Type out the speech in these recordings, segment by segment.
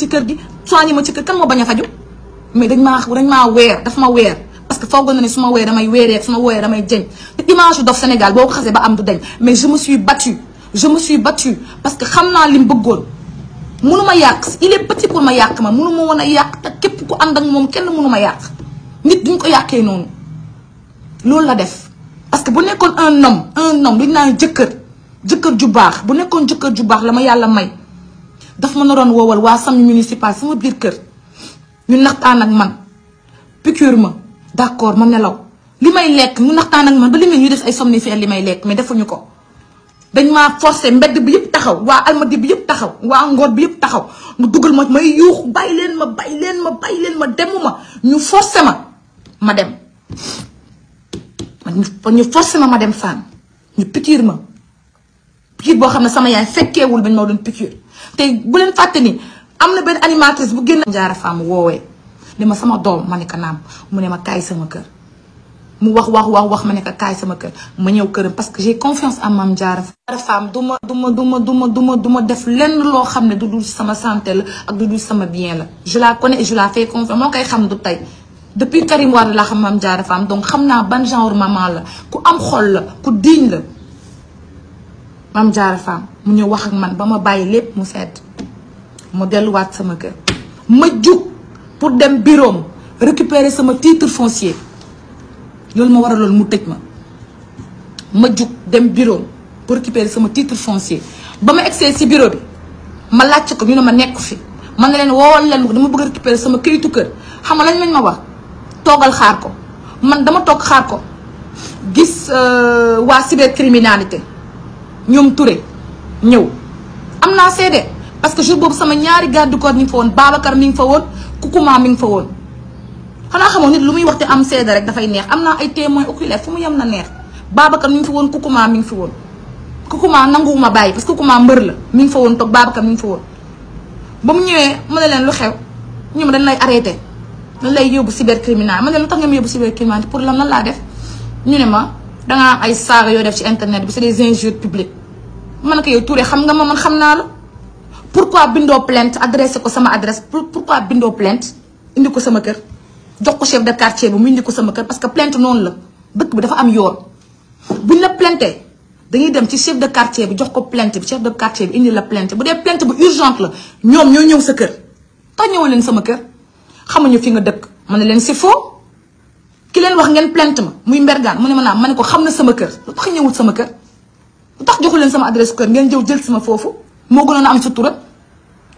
ci kër gi soigné ma ci kër kan ma bañ a faju mais dañ maa dañ maa weer daf ma weer parce que foogoon na ne su ma weer damay weeree su ma wooyee damay jëñ te image yu dof Sénégal boo ko xasee ba am du dañ mais je me suis battue je me suis battue parce que xam naa li mu bëggoon munu ma yàq il est petit pour ma yàq ma mënu ma woon a yàq te képp ku ànd ak moom kenn mënu ma yàq nit ñu ko yàqee noonu loolu la def parce que bu nekkoon un homme un homme duñ naan jëkkër jëkkër ju baax bu nekkoon jëkkër ju baax la ma yàlla may daf ma naroon woowal waa sam municipal sama biir kër ñu naxtaan ak man piqûre ma d'accord ma nelaw li may lekk ñu naxtaan ak man ba li mel ñu def ay somnifère li may lekk mais defuñu ko dañ maa forcé mbedd bi yëpp taxaw waa almadi bi yëpp taxaw waa ngoor bi yëpp taxaw mu dugal ma may yuux bàyyi leen ma bàyyi leen ma bàyyi leen ma demuma ñu forcé ma ma dem ñu forcé ma ma dem fànn ñu piqûre ma piqûre boo xam ne sama yaay fekkeewul bañ ma doon piqûre te bu leen fàtte ni am na benn animatrice bu génn njaara faam woowee ne ma sama doom ma ne ko naam mu ne ma kaay sama kër mu wax wax wax wax ma ne ko kaay sama kër ma ñëw këram parce que j'ai confiance en Mame Diarra Fam du ma du ma ma du ma ma du ma def lenn loo xam ne du dul sama santé la ak du dul sama bien la je la connais et confiance moo koy xam du tey depuis Karim Wade laa xam ma Diarra Fam donc xam naa ban genre maman la ku am xol la ku digne la mam jaara faam mu ñëw wax ak man ba ma bàyyi lépp mu sedd mu delluwaat sama kër ma jug pour dem bureau récupérer sama titre foncier loolu ma war a loolu mu tëj ma ma jug dem bureau pour récupérer sama titre foncier ba ma egsee si bureau bi ma laajte ko ñu ne ma nekku fi man ne leen woowal leen ko dama bëgg a récupérer sama këyitu kër xam nga lañ lañ ma wax toogal xaar ko man dama toog xaar ko gis euh, waa cybercriminalité ñoom ture ñëw am naa seede parce que jour boobu sama ñaari garde du corps mi ngi fa woon Babacar mi ngi fa woon Koukouma mi ngi fa woon xanaa xamoo nit lu muy wax te am seede rek dafay neex am naa ay témoins oculaires fu mu yem na neex Babacar mi ngi fa woon Koukouma mi ngi fa woon Koukouma nanguwuma bàyyi parce que Koukouma mbër la mi ngi fa woon mi ngi fa ba mu ñëwee ma ne leen lu xew ñoom dañ lay arrêté dañ lay yóbbu cybercriminel ma ne leen lu tax nga ma yóbbu cybercriminel pour la lan laa def ñu ne ma danga am ay saaga yoo def ci internet bi c'est des injures publiques man ko yow Touré xam nga ma man xam naa la pourquoi bindoo plainte adressé ko sama adresse pourquoi bindoo plainte indi ko sama kër jox ko chef de quartier bi mu indi ko sama kër parce que plainte noonu la dëkk bi dafa am yoon buñ la plainté dañuy dem ci chef de quartier bi jox ko plainte bi chef de quartier bi indi la plainte bu dee plainte bu urgente la ñoom ñooy ñëw sa kër tax ñëw leen sama kër xamuñu fi nga dëkk mën na leen si foo ki leen wax ngeen plainte ma muy mbergaan mu ne ma naam man ne ko xam na sama kër lu tax ñëwut sama kër lu tax joxu leen sama adresse kër ngeen jëw jël sama foofu moo gënoon a am sutura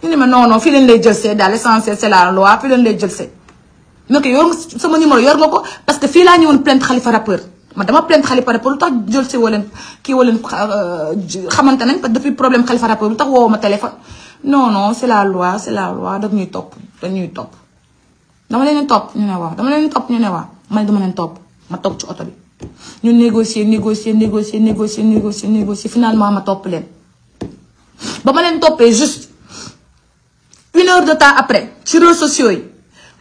ñu ma non fii leen lay jël see daal l'essentiel la loi fii leen lay jël see mais que yor nga sama yor nga ko parce que fii laa ñëwoon plainte Khalifa rappeur man dama plainte Khalifa rappeur lu tax jël see woo leen kii woo leen euh, xamante nañ parce que depuis problème Khalifa rappeur lu tax woo ma téléphone non non la loi c'est la loi dañuy topp dañuy topp dama leen topp ñu ne waaw dama leen topp ñu ne waaw man dama leen topp ma toog ci oto bi ñu négocier négocier négocier négocier négocier négocier finalement ma topp leen ba ma leen toppee juste une heure de temps après ci réseaux sociaux yi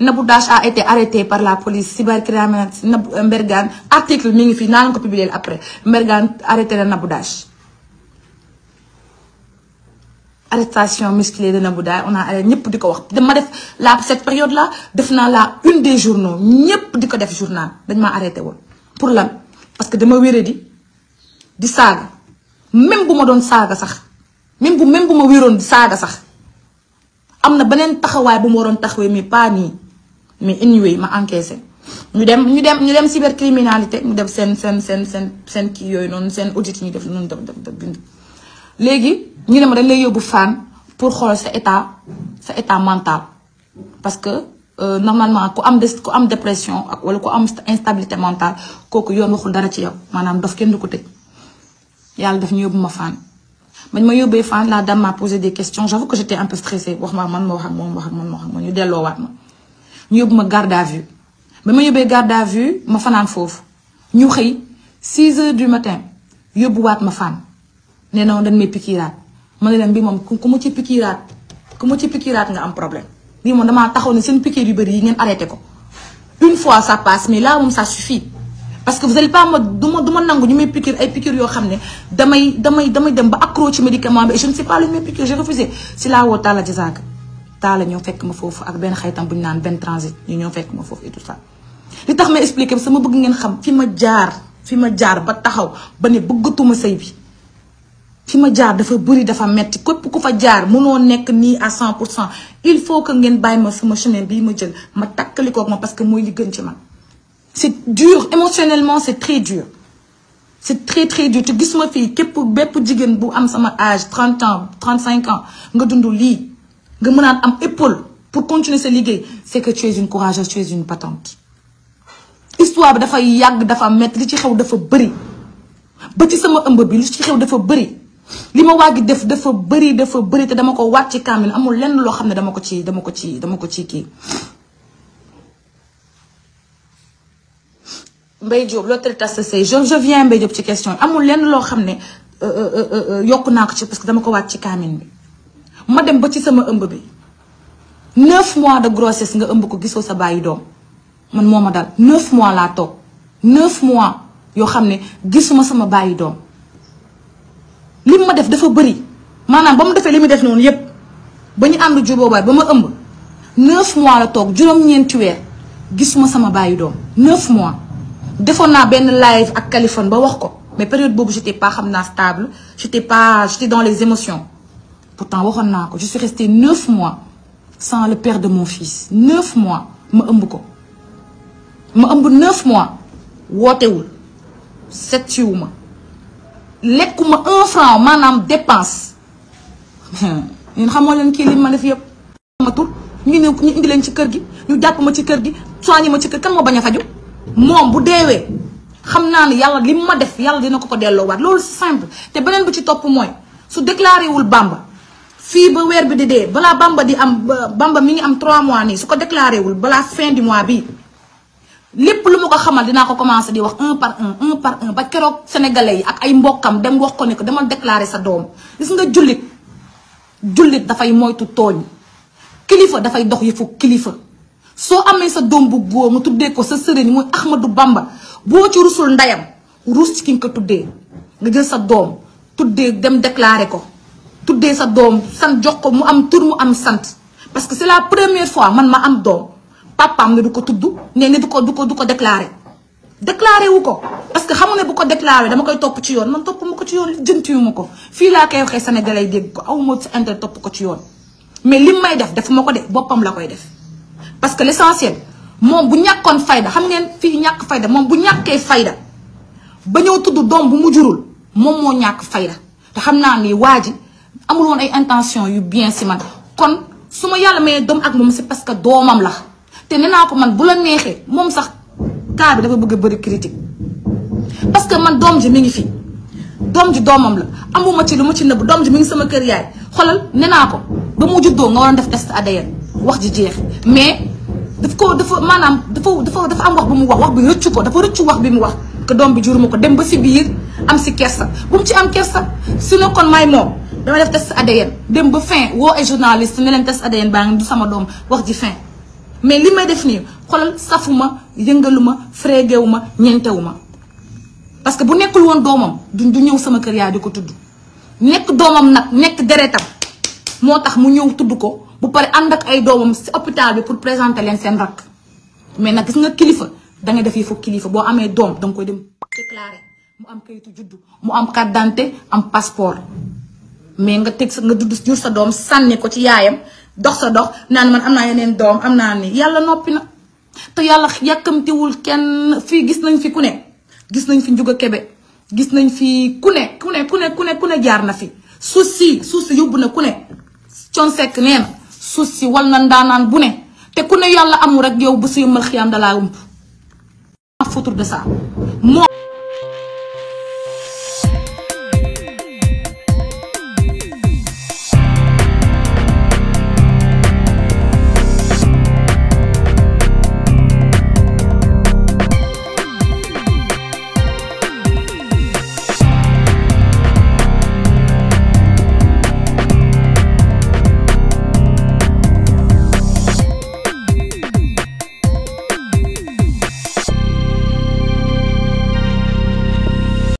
Nabou Dash a été arrêté par la police cybercriminalité Nabou euh, Mbergane article mi ngi fi naa leen ko publier après Mbergane arrêté na Nabou arrestation musclée de Nabou Daye on a euh, ñëpp di ko wax dama def la cette période la def naa la une des journaux ñëpp di ko def journal dañ maa arrêté woon pour lan parce que dama wére di di saaga même bu ma doon saaga sax même bu même bu ma wéroon di saaga sax am na beneen taxawaay bu ma waroon taxawee mais pas nii mais anyway ma encaissé ñu dem ñu dem ñu dem cybercriminalité ñu def seen seen seen seen seen kii yooyu noonu seen audit ñu def noonu def def bind léegi ñu ne ma dañ lay yóbbu fan pour xool sa état sa état mental parce que euh, normalement ku am des ku am dépression ak wala ku am instabilité mentale kooku yoon waxul dara ci yow maanaam daf kenn du ko tëj yàlla daf ñu yóbbu ma fan bañ ma yóbbee fan la dame m'a posé des questions j'avoue que j'étais wax ma man ma wax ak moom wax ak man ma wax ak moom ñu delloowaat ma ñu yóbbu ma garde à vue ba ma yóbbee garde à vue ma fanaan foofu ñu xëy 6 heures du matin yóbbuwaat ma fan nee na woon dañ may pikiiraat ma ne leen bi moom ku ma ci pikiiraat ku ma ci pikiiraat nga am problème bii moom damaa taxaw ne seen pikiir yu bëri yi ngeen arrêté ko une fois ça passe mais là moom ça suffit parce que vous ma du ma nangu ñu may pikiir ay pikiir yoo xam ne damay damay damay dem ba accro ci médicament bi et je ne sais pas lu ñu may pikiir j'ai refusé si laa woo fekk ma foofu ak benn xaytam bu ñu naan benn ñoo fekk ma foofu et tout ça li tax ma expliqué sama bëgg ngeen xam fi ma jaar fi ma jaar ba taxaw ba ne bëggatuma sëy bi fi ma jaar dafa bëri dafa metti képp ku fa jaar munoo nekk nii à cent pour cent il faut que ngeen bàyyi ma suma chemin bi ma jël ma takkali koog ma parce que mooy li gën ci man. c'est dur émotionnellement c'est très dur c'est très très dur te gis ma fii képp bépp jigéen bu am sama âge 30 ans cinq ans nga dundu lii nga mën mënaat am épaule pour continuer sa liggéey c'est que tu es une courageuse tu es une patente. histoire bi dafay yàgg dafa metti li ci xew dafa bëri ba ci sama ëmb bi ci xew dafa bëri. li ma wàgg def dafa bëri dafa bëri te dama ko waat ci kaamil amul lenn xam ne dama ko ci dama ko ci dama ko ci kii Mbaye Diop loo traité associé je ci question amul lenn loo xam ne euh, euh, euh, yokk naa ko ci parce que dama ko waat ci kaamil bi ma dem ba ci sama ëmb bi neuf mois de grossesse nga ëmb ko gisoo sa bàyyi doom man moo ma dal neuf mois laa toog neuf mois yoo xam ne gisuma sama bàyyi doom lim ma def dafa bëri maanaam ba mu defee li muy def noonu yépp ba ñu ànd ju boobaay ba ma ëmb neuf mois la toog juróom-ñeenti weer gisuma sama baayu doom neuf mois defoon naa benn live ak Kaliphone ba wax ko mais période boobu j'étais pas xam naa stable te pas j'étais dans les émotions pourtant waxoon naa ko je suis restée neuf mois sans le père de mon fils neuf mois ma ëmb ko ma ëmb neuf mois wootewul settiwu ma lekkuma un franc maanaam dépense ñun xamoo leen kii li ma def yëpp ma tur ñu ne ñu indi leen ci kër gi ñu jàpp ma ci kër gi ñu ma ci kër kan ma bañ a faju moom bu deewee xam naa ni yàlla li ma def yàlla dina ko ko delloowaat loolu simple te beneen bi ci topp mooy su déclaré wul Bamba fii ba weer bi di dee balaa Bamba di am Bamba mi ngi am trois mois nii su ko déclaré wul balaa fin du mois bi lépp lu ma ko xamal dinaa ko commencé di wax un par un un par un ba keroog sénégalais yi ak ay mbokkam dem wax ko ne ko demal déclarer sa doom gis nga jullit jullit dafay moytu tooñ kilifa dafay dox yëfu kilifa soo amee sa doom bu góor mu tuddee ko sa sëriñ muy Ahmadou Bamba boo ci rusul ndeyam rus ci ki ko tuddee nga jël sa doom tuddee dem déclarer ko tuddee sa doom sant jox ko mu am tur mu am sant parce que c'est la première fois man ma am doom papaam ne du ko tudd ne ne du ko du ko du ko déclaré déclaré wu ko parce que xam ne bu ko déclaré dama koy topp ci yoon man topp ma ko ci yoon jënt yu ma ko fii laa koy waxee sénégalais dégg ko aw ma sa topp ko ci yoon mais lim may def defu ko de boppam la koy def parce que l'essentiel moom bu ñàkkoon fayda xam ngeen fii ñàkk fayda moom bu ñàkkee fayda ba ñëw tudd doom bu mu jurul moom moo ñàkk fayda te xam naa ni waa ji amul ay intention yu bien si man kon su ma yàlla mayee doom ak moom c'est parce que doomam la te nee naa ko man bu la neexee moom sax cas bi dafa bëgg a bëri critique parce que man doom ji mi ngi fi doom ji doomam la amuma ci lu ma ci nëbb doom ji mi ngi sama kër yaay xoolal nee naa ko ba mu juddoo nga waroon def test ADN wax ji jeex mais daf ko dafa maanaam dafa dafa dafa am wax bu mu wax wax bi rëccu ko dafa rëccu wax bi mu wax que doom bi juruma ko dem ba si biir am si kersa bu mu ci am kersa sinon kon may moom dama def test ADN dem ba fin woo ay journaliste leen test ADN baa sama doom wax ji fin mais li may def nii xoolal safuma yëngaluma frégewuma ñentewuma parce que bu nekkul woon doomam du du ñëw sama kër yaa di ko tudd nekk doomam nag nekk deretam moo tax mu ñëw tudd ko bu pare ànd ak ay doomam si hôpital bi pour présenter leen seen rakk mais nag gis nga kilifa da nga def yëfu kilifa boo amee doom danga koy dem déclaré mu am kayitu juddu mu am carte d'identité am passeport mais nga teg sa nga dudd jur sa doom sànni ko ci yaayam dox sa dox naan man am naa yeneen doom am naa ni yàlla noppi na te yàlla yàkkamtiwul kenn fii gis nañ fi ku ne gis nañ fi Ndiouga Kébé gis nañ fi ku ne ku ne ku ne ku ne ku ne jaar na fi suuf si suuf si yóbbu na ku ne con sekk nee suuf si wal na ndaanaan bu ne te ku ne yàlla amul rek yow bu si yëmbal xiyam dalaa ump futur de ça